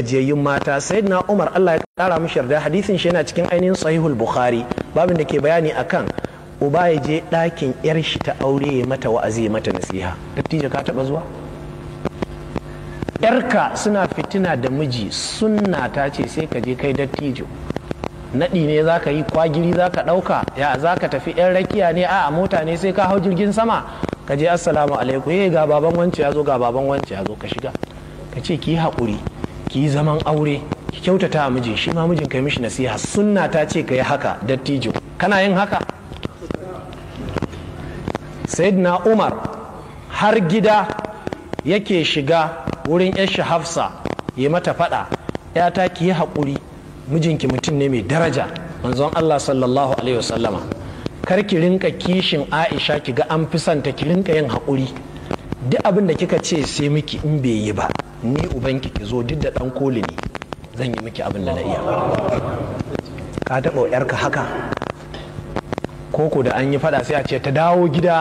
gajiyayyun mata sayyidina umar allah ya kara mishi yarda hadisin shi yana cikin ainihin sahihul bukhari babin da ke bayani akan uba ya je ɗakin yar shi ta aure ya mata wa'azi ya mata nasiha dattijo ka taba zuwa yarka suna fitina da miji sunna ta ce sai ka je kai dattijo naɗi ne za ka yi kwagiri za ka ɗauka ya za ka tafi yan rakiya ne a mota ne sai ka hau jirgin sama ka je assalamu alaikum eh ga baban wance ya zo ga baban wance ya zo ka shiga ka ce ki haƙuri ki yi zaman aure ki kyautata a mijin shi ma mijin kai mishi nasiha sunna ta ce ka yi haka dattijo kana yin haka sayyidina umar har gida yake shiga wurin yashi hafsa ya mata fada yata ki yi haƙuri mijinki mutum ne mai daraja manzon allah sallallahu alaihi wasallama kar ki rinka kishin aisha ki ga an fi santa ki rinka yin haƙuri duk abin da kika ce sai miki in bai yi ba ni ubanki ki zo duk da dan koli ne zan yi miki abin da na iya ka taɓa yarka haka koko da an yi fada sai a ce ta dawo gida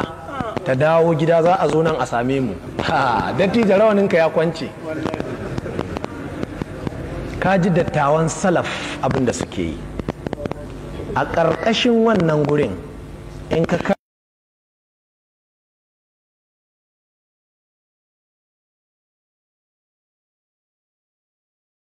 ta dawo gida za a zo nan a same mu ha dattijo rawaninka ya kwance ka ji dattawan salaf abin da suke yi a ƙarƙashin wannan gurin in ka